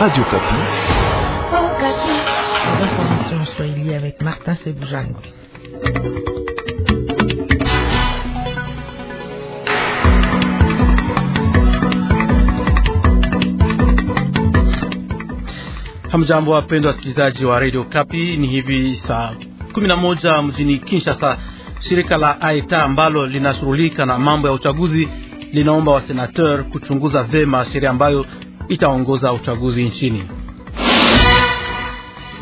Radio Kapi. L'information swahili avec Martin Seboujan. Hamjambo, wapendwa wasikilizaji wa Radio Kapi, ni hivi saa 11 mjini Kinshasa. Shirika la AITA e ambalo linashughulika na mambo ya uchaguzi linaomba wasenateur kuchunguza vema sheria ambayo itaongoza uchaguzi nchini.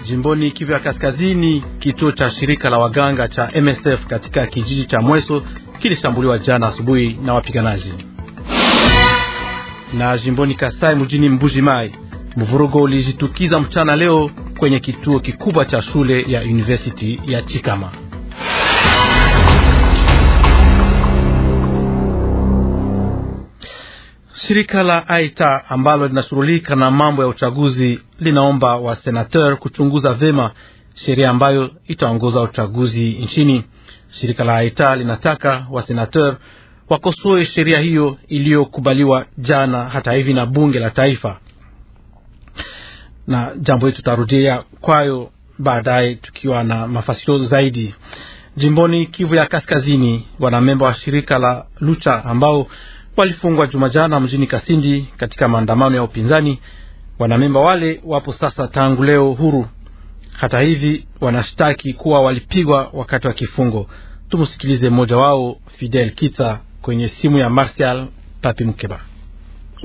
Jimboni Kivu ya Kaskazini, kituo cha shirika la waganga cha MSF katika kijiji cha Mweso kilishambuliwa jana asubuhi na wapiganaji. Na jimboni Kasai, mjini Mbuji Mai, mvurugo ulijitukiza mchana leo kwenye kituo kikubwa cha shule ya university ya Chikama. Shirika la AITA ambalo linashughulika na mambo ya uchaguzi linaomba wasenateur kuchunguza vyema sheria ambayo itaongoza uchaguzi nchini. Shirika la AITA linataka wasenateur wakosoe sheria hiyo iliyokubaliwa jana, hata hivi na bunge la taifa, na jambo hili tutarudia kwayo baadaye tukiwa na mafasiro zaidi. Jimboni Kivu ya Kaskazini, wanamemba wa shirika la Lucha ambao walifungwa Jumajana mjini Kasindi katika maandamano ya upinzani. Wanamemba wale wapo sasa tangu leo huru. Hata hivi wanashtaki kuwa walipigwa wakati wa kifungo. Tumsikilize mmoja wao Fidel Kita kwenye simu ya Martial Papi Mkeba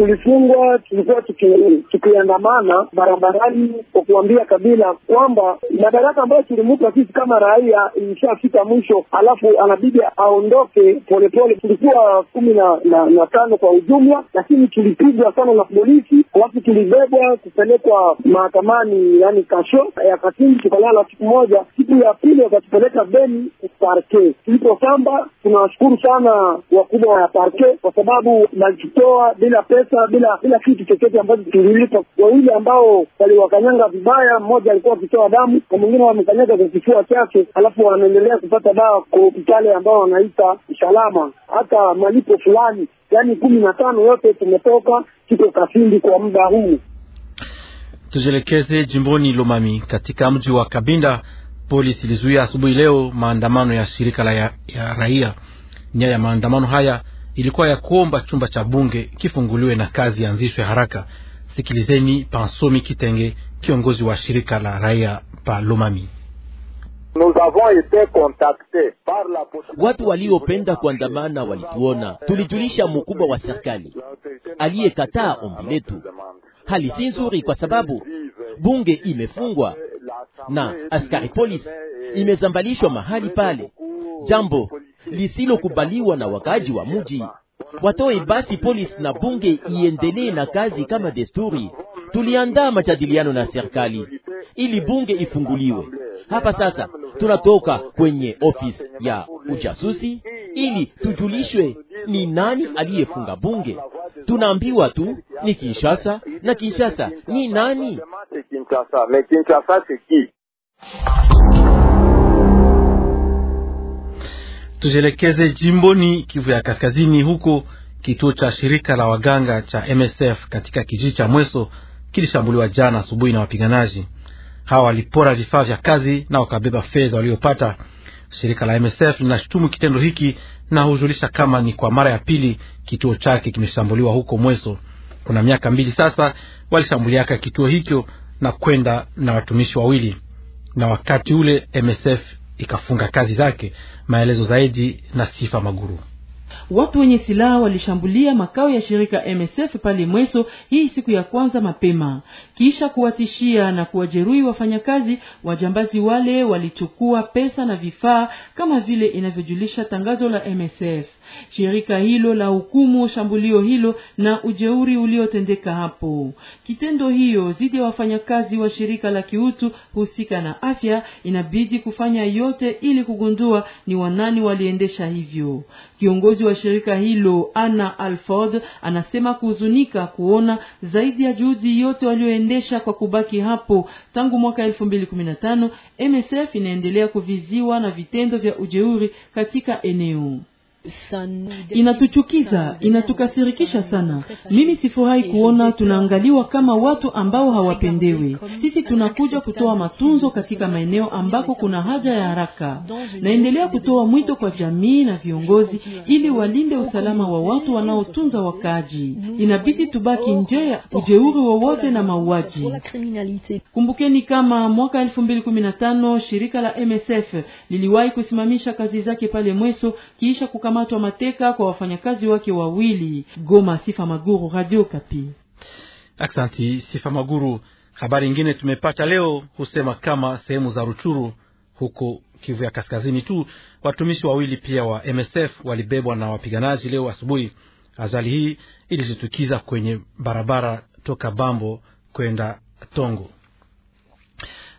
tulifungwa, tulikuwa tukiandamana barabarani kwa kuambia Kabila kwamba madaraka ambayo tulimupa sisi kama raia ilishafika mwisho, alafu anabidi aondoke polepole. Tulikuwa kumi na, na, na tano kwa ujumla, lakini tulipigwa sana na polisi, alafu tulibebwa kupelekwa mahakamani, yani kasho ya Kasindi, tukalala siku moja. Siku ya pili wakatupeleka Beni parke. Tulipotamba tunawashukuru sana wakubwa wa parke kwa sababu najitoa bila pesa pesa bila bila kitu chochote ambacho tulilipa. Wawili ambao waliwakanyanga vibaya, mmoja alikuwa akitoa damu na mwingine wamekanyaga kwa kifua chake, alafu wanaendelea kupata dawa kwa hospitali ambao wanaita usalama, hata malipo fulani, yaani kumi na tano. Yote tumetoka kiko Kasindi kwa muda huu. Tujielekeze jimboni Lomami katika mji wa Kabinda. Polisi ilizuia asubuhi leo maandamano ya shirika la ya, ya raia. Nia ya maandamano haya ilikuwa ya kuomba chumba cha bunge kifunguliwe na kazi ianzishwe haraka. Sikilizeni Pansomi Kitenge, kiongozi wa shirika la raia pa Lomami. Watu waliopenda kuandamana walituona, tulijulisha mkubwa wa serikali aliyekataa ombi letu. Hali si nzuri kwa sababu bunge imefungwa na askari polisi imezambalishwa mahali pale, jambo lisilokubaliwa na wakaji wa mji. Watoe basi polisi na bunge iendelee na kazi kama desturi. Tuliandaa majadiliano na serikali ili bunge ifunguliwe. Hapa sasa tunatoka kwenye ofisi ya ujasusi ili tujulishwe ni nani aliyefunga bunge. Tunaambiwa tu ni Kinshasa, na Kinshasa ni nani? Tujielekeze jimboni Kivu ya Kaskazini. Huko kituo cha shirika la waganga cha MSF katika kijiji cha Mweso kilishambuliwa jana asubuhi na wapiganaji hawa. Walipora vifaa vya kazi na wakabeba fedha waliopata. Shirika la MSF linashutumu kitendo hiki na hujulisha kama ni kwa mara ya pili kituo chake kimeshambuliwa huko Mweso. Kuna miaka mbili sasa walishambuliaka kituo hicho na kwenda na watumishi wawili, na wakati ule MSF ikafunga kazi zake. Maelezo zaidi na Sifa Maguru. Watu wenye silaha walishambulia makao ya shirika MSF pale Mweso hii siku ya kwanza mapema, kisha kuwatishia na kuwajeruhi wafanyakazi. Wajambazi wale walichukua pesa na vifaa kama vile inavyojulisha tangazo la MSF. Shirika hilo la hukumu shambulio hilo na ujeuri uliotendeka hapo. Kitendo hiyo dhidi ya wafanyakazi wa shirika la kiutu husika na afya inabidi kufanya yote ili kugundua ni wanani waliendesha hivyo. Kiongozi wa shirika hilo Anna Alford anasema kuhuzunika kuona zaidi ya juhudi yote walioendesha kwa kubaki hapo tangu mwaka 2015 MSF inaendelea kuviziwa na vitendo vya ujeuri katika eneo. Inatuchukiza, inatukasirikisha sana. Mimi sifurahi kuona tunaangaliwa kama watu ambao hawapendewi. Sisi tunakuja kutoa matunzo katika maeneo ambako kuna haja ya haraka. Naendelea kutoa mwito kwa jamii na viongozi ili walinde usalama wa watu wanaotunza wakaaji. Inabidi tubaki nje ya ujeuri wowote na mauaji. Kumbukeni kama mwaka 2015 shirika la MSF liliwahi kusimamisha kazi zake pale Mweso kiisha kuka kukamatwa mateka kwa wafanyakazi wake wawili. Goma, Sifa Maguru, Radio Kapi. Aksanti Sifa Maguru. Habari ingine tumepata leo husema kama sehemu za Ruchuru huko Kivu ya kaskazini tu watumishi wawili pia wa MSF walibebwa na wapiganaji leo asubuhi. Ajali hii ilijitukiza kwenye barabara toka Bambo kwenda Tongo.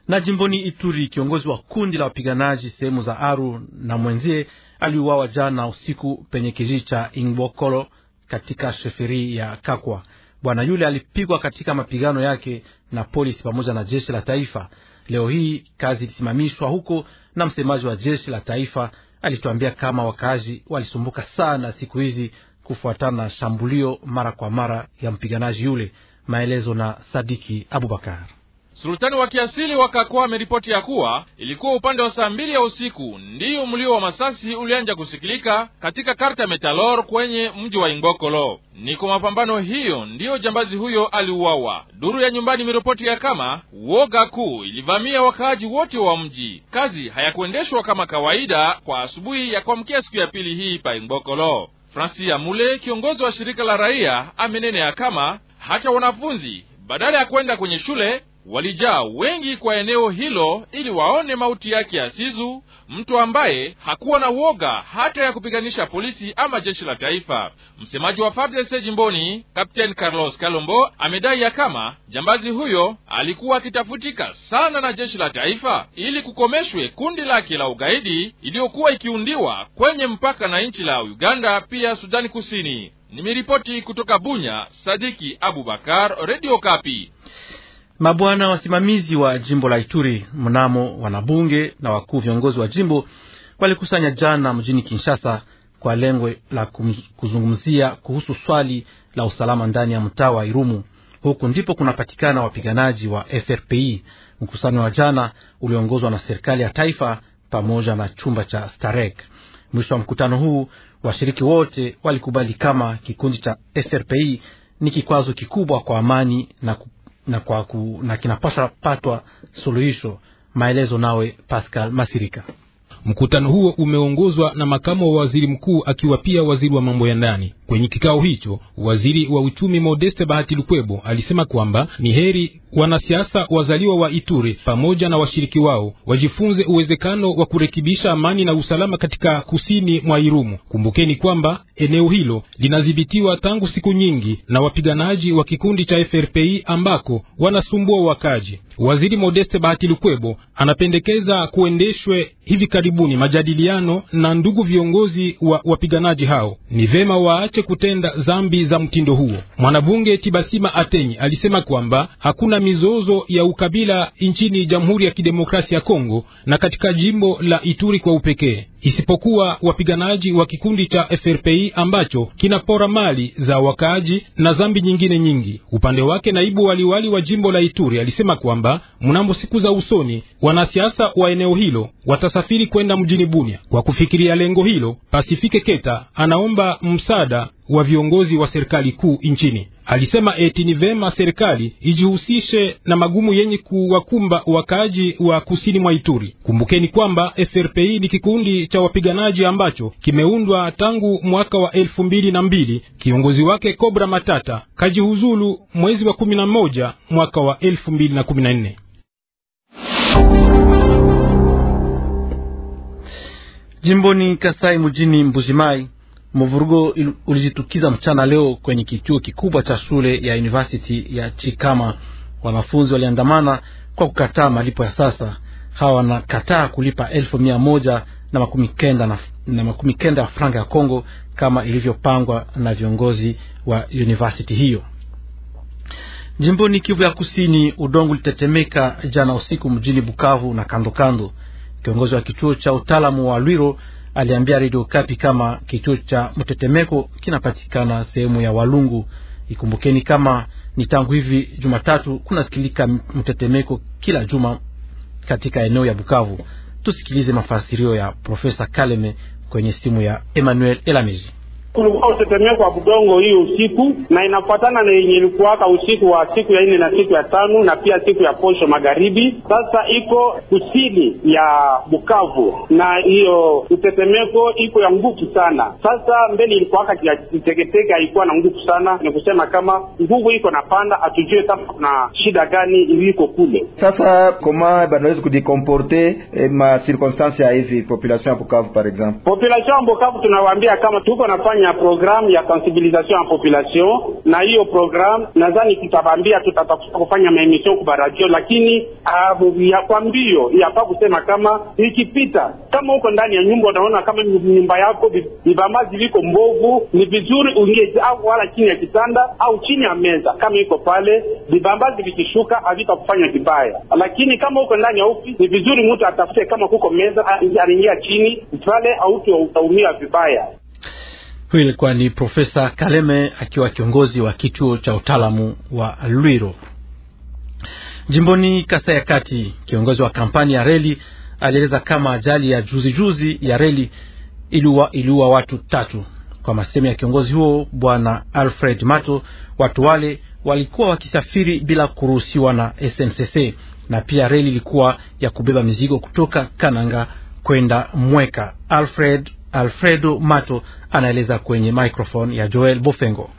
Na jimboni Ituri, kiongozi wa kundi la wapiganaji sehemu za Aru na mwenzie aliuawa jana usiku penye kijiji cha Ingbokolo katika sheferi ya Kakwa. Bwana yule alipigwa katika mapigano yake na polisi pamoja na jeshi la taifa. Leo hii kazi ilisimamishwa huko, na msemaji wa jeshi la taifa alituambia kama wakaaji walisumbuka sana siku hizi kufuatana na shambulio mara kwa mara ya mpiganaji yule. Maelezo na Sadiki Abubakar. Sultani wa kiasili wa Kakwa ameripoti ya kuwa ilikuwa upande wa saa mbili ya usiku ndiyo mlio wa masasi ulianja kusikilika katika karta Metalor kwenye mji wa Ingokolo. Ni kwa mapambano hiyo ndiyo jambazi huyo aliuawa. Duru ya nyumbani miripoti ya kama woga kuu ilivamia wakaaji wote wa mji. Kazi hayakuendeshwa kama kawaida kwa asubuhi ya kuamkia siku ya pili hii pa Ingokolo. Fransi Amule, kiongozi wa shirika la raia, ya kama hata wanafunzi badala ya kwenda kwenye shule Walijaa wengi kwa eneo hilo ili waone mauti yake ya sizu mtu ambaye hakuwa na uoga hata ya kupiganisha polisi ama jeshi la taifa. Msemaji wa FARDC jimboni, Kapteni Carlos Kalombo, amedai ya kama jambazi huyo alikuwa akitafutika sana na jeshi la taifa ili kukomeshwe kundi lake la ugaidi iliyokuwa ikiundiwa kwenye mpaka na nchi la Uganda pia Sudani Kusini. Nimeripoti kutoka Bunya, Sadiki Abubakar, redio Kapi mabwana wasimamizi wa jimbo la Ituri mnamo wanabunge na wakuu viongozi wa jimbo walikusanya jana mjini Kinshasa kwa lengo la kuzungumzia kuhusu swali la usalama ndani ya mtaa wa Irumu. Huku ndipo kunapatikana wapiganaji wa FRPI. Mkusanyo wa jana uliongozwa na serikali ya taifa pamoja na chumba cha Starek. Mwisho wa mkutano huu, washiriki wote walikubali kama kikundi cha FRPI ni kikwazo kikubwa kwa amani na na, kwa ku, na kinapasha patwa suluhisho. Maelezo nawe Pascal Masirika. Mkutano huo umeongozwa na makamu wa waziri mkuu akiwa pia waziri wa mambo ya ndani. Kwenye kikao hicho, waziri wa uchumi Modeste Bahati Lukwebo alisema kwamba ni heri Wanasiasa wazaliwa wa Ituri pamoja na washiriki wao wajifunze uwezekano wa kurekebisha amani na usalama katika kusini mwa Irumu. Kumbukeni kwamba eneo hilo linadhibitiwa tangu siku nyingi na wapiganaji wa kikundi cha FRPI ambako wanasumbua wakaji. Waziri Modeste Bahati Lukwebo anapendekeza kuendeshwe hivi karibuni majadiliano na ndugu viongozi wa wapiganaji hao. Ni vema waache kutenda dhambi za mtindo huo. Mwanabunge Tibasima Atenyi alisema kwamba hakuna mizozo ya ukabila nchini Jamhuri ya Kidemokrasia ya Kongo na katika jimbo la Ituri kwa upekee, isipokuwa wapiganaji wa kikundi cha FRPI ambacho kinapora mali za wakaaji na zambi nyingine nyingi. Upande wake, naibu waliwali wa jimbo la Ituri alisema kwamba mnamo siku za usoni wanasiasa wa eneo hilo watasafiri kwenda mjini Bunia kwa kufikiria lengo hilo. Pasifike Keta anaomba msaada wa viongozi wa serikali kuu nchini. Alisema eti ni vema serikali ijihusishe na magumu yenye kuwakumba wakaaji wa kusini mwa Ituri. Kumbukeni kwamba FRPI ni kikundi cha wapiganaji ambacho kimeundwa tangu mwaka wa elfu mbili na mbili. Kiongozi wake Kobra Matata kajihuzulu mwezi wa kumi na moja mwaka wa elfu mbili na kumi na nne. Jimboni Kasai mjini Mbujimai Mvurugo ulijitukiza mchana leo kwenye kituo kikubwa cha shule ya university ya Chikama. Wanafunzi waliandamana kwa kukataa malipo ya sasa. Hawa wanakataa kulipa elfu mia moja na makumi kenda na, na makumi kenda ya franga ya Kongo kama ilivyopangwa na viongozi wa university hiyo. Jimboni Kivu ya Kusini, udongo ulitetemeka jana usiku mjini Bukavu na kando kando. Kiongozi wa kituo cha utaalamu wa Lwiro aliambia redio Kapi kama kituo cha mtetemeko kinapatikana sehemu ya Walungu. Ikumbukeni kama ni tangu hivi Jumatatu kunasikilika mtetemeko kila juma katika eneo ya Bukavu. Tusikilize mafasirio ya Profesa Kaleme kwenye simu ya Emmanuel Elamiji kulikuwa utetemeko wa budongo hiyo usiku, na inafuatana na yenye ilikuwaka usiku wa siku ya nne na siku ya tano na pia siku ya posho magharibi. Sasa iko kusini ya Bukavu, na hiyo utetemeko iko ya nguvu sana. Sasa mbele ilikuwaka kiteketeke, haikuwa na nguvu sana, ni kusema kama nguvu iko na panda, hatujue kama kuna shida gani iliko kule. Sasa koma banawezi kudikomporte eh, ma circonstance ya hivi population ya Bukavu, par exemple population ya Bukavu tunawaambia kama tuko nafanya tutafanya programu ya sensibilisation ya population, na hiyo programu nadhani tutabambia, tutatafuta kufanya maemission kwa radio, lakini ah, ya kwa mbio yafaa kusema kama nikipita, kama uko ndani ya nyumba unaona kama nyumba yako vibambazi viko mbovu, ni vizuri uingie au wala chini ya kitanda au chini ya meza, kama iko pale, vibambazi vikishuka havitakufanya vibaya. Lakini kama uko ndani ya ofisi, ni vizuri mtu atafute kama kuko meza, anaingia chini pale, au utaumia vibaya. Huyu ilikuwa ni Profesa Kaleme akiwa kiongozi wa kituo cha utaalamu wa Lwiro jimboni kasa ya Kati. Kiongozi wa kampani ya reli alieleza kama ajali ya juzijuzi juzi ya reli iliua watu tatu. Kwa masehemu ya kiongozi huo Bwana Alfred Mato, watu wale walikuwa wakisafiri bila kuruhusiwa na SNCC na pia reli ilikuwa ya kubeba mizigo kutoka Kananga kwenda Mweka. Alfred Alfredo Mato anaeleza kwenye microphone ya Joel Bofengo.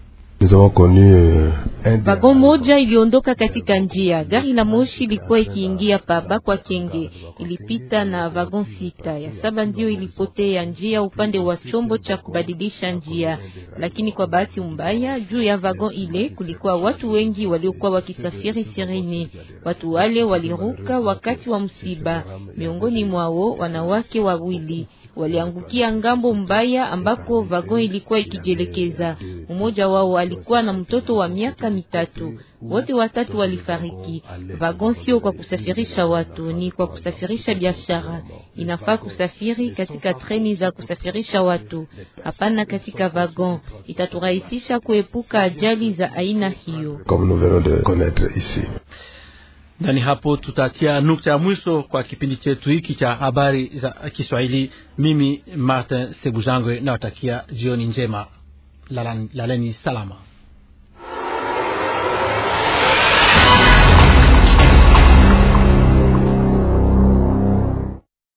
Vagon euh, moja iliondoka katika njia. Gari la moshi ilikuwa ikiingia paba kwa Kenge, ilipita na vagon sita. Ya saba ndio ilipotea njia upande wa chombo cha kubadilisha njia, lakini kwa bahati mbaya, juu ya vagon ile kulikuwa watu wengi waliokuwa wakisafiri sirini. Watu wale waliruka wakati wa msiba, miongoni mwao wanawake wawili waliangukia ngambo mbaya ambako vagon ilikuwa ikijelekeza Mmoja wao alikuwa na mtoto wa miaka mitatu. Wote watatu walifariki. Vagon sio kwa kusafirisha watu, ni kwa kusafirisha biashara. Inafaa kusafiri katika treni za kusafirisha watu, hapana katika vagon. Itaturahisisha kuepuka ajali za aina hiyo. Nani hapo tutatia nukta ya mwisho kwa kipindi chetu hiki cha habari za Kiswahili. Mimi Martin Sebujangwe nawatakia jioni njema, lalani salama.